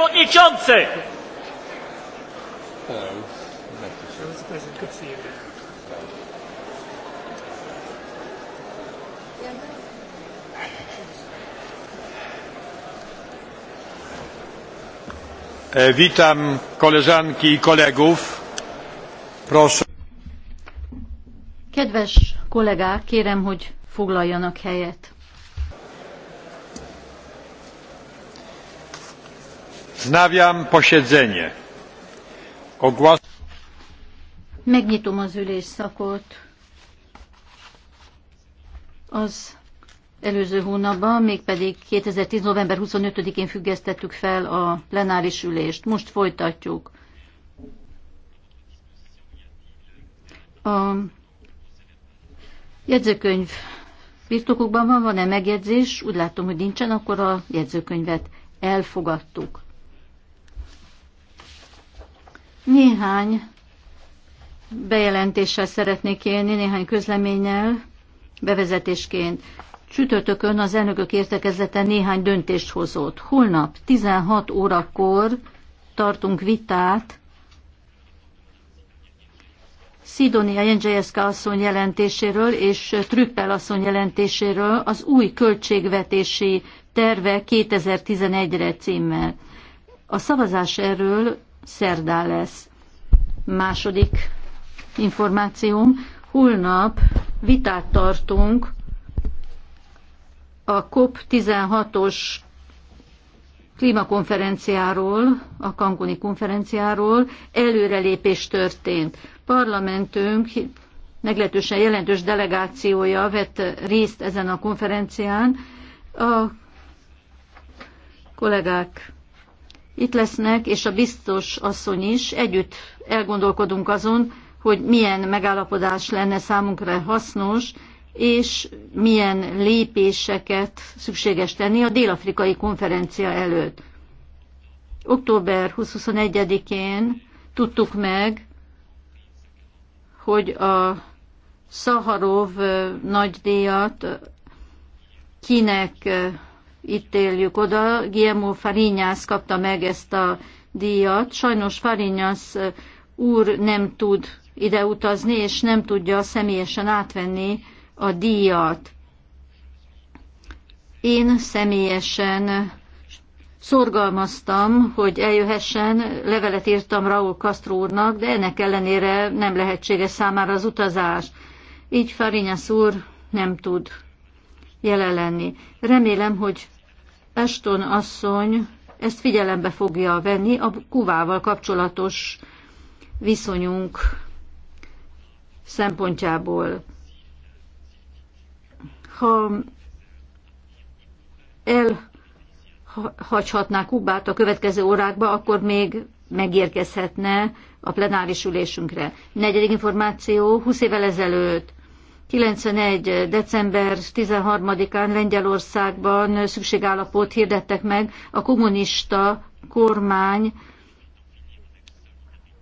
przewodniczący! E, witam koleżanki i kolegów. Proszę. Kedves kollégák, kérem, hogy foglaljanak helyet. Znawiam posiedzenie. Ogłas... Megnyitom az szakot. Az előző hónapban, mégpedig 2010. november 25-én függesztettük fel a plenáris ülést. Most folytatjuk. A jegyzőkönyv birtokokban van, van-e megjegyzés? Úgy látom, hogy nincsen, akkor a jegyzőkönyvet elfogadtuk. Néhány bejelentéssel szeretnék élni, néhány közleménnyel, bevezetésként. Csütörtökön az elnökök értekezete néhány döntést hozott. Holnap 16 órakor tartunk vitát Szidonia Jendzsejeszka asszony jelentéséről és Trüppel asszony jelentéséről az új költségvetési terve 2011-re címmel. A szavazás erről szerdán lesz. Második információm, holnap vitát tartunk a COP16-os klímakonferenciáról, a Cancuni konferenciáról előrelépés történt. Parlamentünk meglehetősen jelentős delegációja vett részt ezen a konferencián. A kollégák itt lesznek, és a biztos asszony is. Együtt elgondolkodunk azon, hogy milyen megállapodás lenne számunkra hasznos, és milyen lépéseket szükséges tenni a dél-afrikai konferencia előtt. Október 21 én tudtuk meg, hogy a Szaharov nagydíjat kinek itt éljük oda. Guillermo Farinyász kapta meg ezt a díjat. Sajnos Farinyász úr nem tud ide utazni, és nem tudja személyesen átvenni a díjat. Én személyesen szorgalmaztam, hogy eljöhessen, levelet írtam Raúl Castro úrnak, de ennek ellenére nem lehetséges számára az utazás. Így Farinyász úr nem tud jelen lenni. Remélem, hogy Eston asszony ezt figyelembe fogja venni a Kuvával kapcsolatos viszonyunk szempontjából. Ha elhagyhatná Kubát a következő órákba, akkor még megérkezhetne a plenáris ülésünkre. Negyedik információ, 20 évvel ezelőtt 91. december 13-án Lengyelországban szükségállapot hirdettek meg a kommunista kormány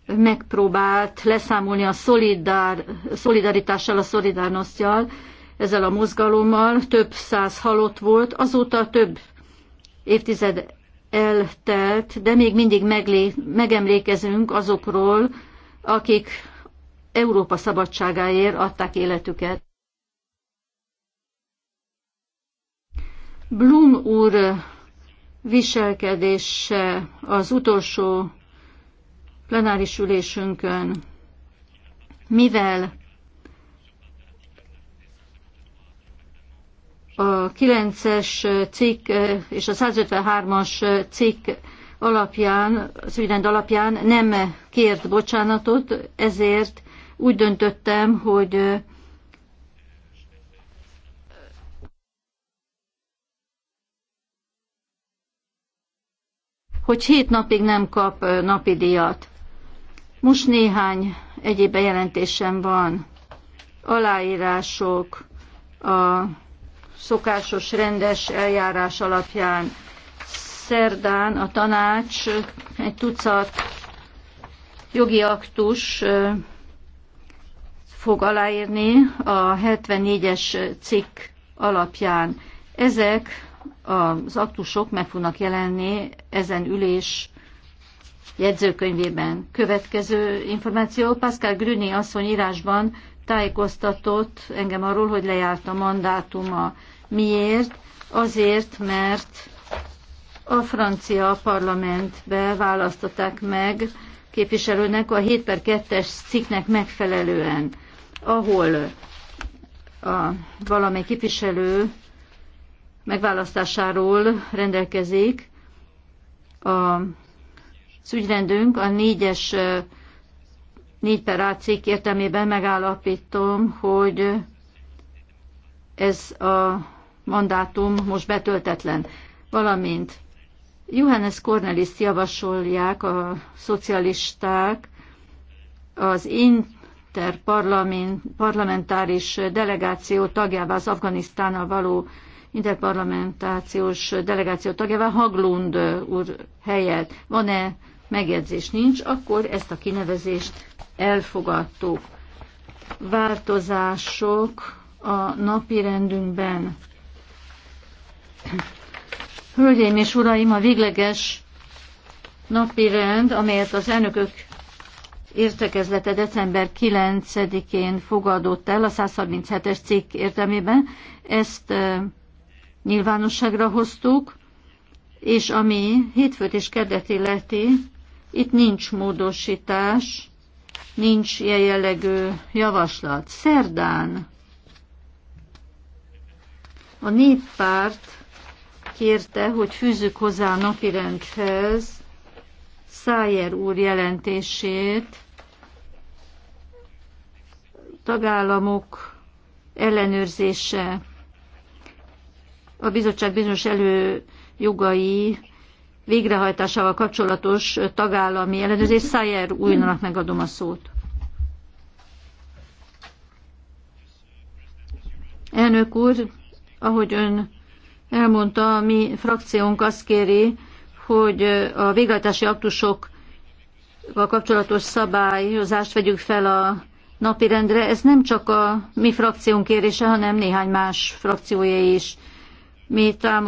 megpróbált leszámolni a szolidár, szolidaritással, a szolidárnosztjal, ezzel a mozgalommal. Több száz halott volt, azóta több évtized eltelt, de még mindig meglé, megemlékezünk azokról, akik Európa szabadságáért adták életüket. Blum úr viselkedése az utolsó plenáris ülésünkön, mivel a 9-es cikk és a 153-as cikk alapján, az ügyrend alapján nem kért bocsánatot, ezért úgy döntöttem, hogy hogy hét napig nem kap napi díjat. Most néhány egyéb bejelentésem van. Aláírások a szokásos rendes eljárás alapján Szerdán a tanács egy tucat jogi aktus fog aláírni a 74-es cikk alapján. Ezek az aktusok meg fognak jelenni ezen ülés jegyzőkönyvében. Következő információ, Pascal Grüni asszony írásban tájékoztatott engem arról, hogy lejárt a mandátuma. Miért? Azért, mert a francia parlamentbe választották meg képviselőnek a 7 per 2-es cikknek megfelelően, ahol a valamely képviselő megválasztásáról rendelkezik. A ügyrendünk a 4-es 4 per A cikk értelmében megállapítom, hogy ez a mandátum most betöltetlen, valamint Johannes Cornelis javasolják a szocialisták az interparlamentáris delegáció tagjává, az Afganisztánnal való interparlamentációs delegáció tagjává Haglund úr helyett. Van-e megjegyzés? Nincs, akkor ezt a kinevezést elfogadtuk. Változások a napi rendünkben. Hölgyeim és uraim, a végleges napi rend, amelyet az elnökök értekezlete december 9-én fogadott el a 137-es cikk értelmében, ezt nyilvánosságra hoztuk, és ami hétfőt és kedet illeti, itt nincs módosítás, nincs ilyen jellegű javaslat. Szerdán a néppárt kérte, hogy fűzzük hozzá a napirendhez Szájer úr jelentését, tagállamok ellenőrzése, a bizottság bizonyos előjogai végrehajtásával kapcsolatos tagállami ellenőrzés. Szájer újnak megadom a szót. Elnök úr, ahogy ön elmondta, mi frakciónk azt kéri, hogy a végrehajtási aktusokkal kapcsolatos szabályozást vegyük fel a napirendre. Ez nem csak a mi frakciónk kérése, hanem néhány más frakciója is. Mi támogatjuk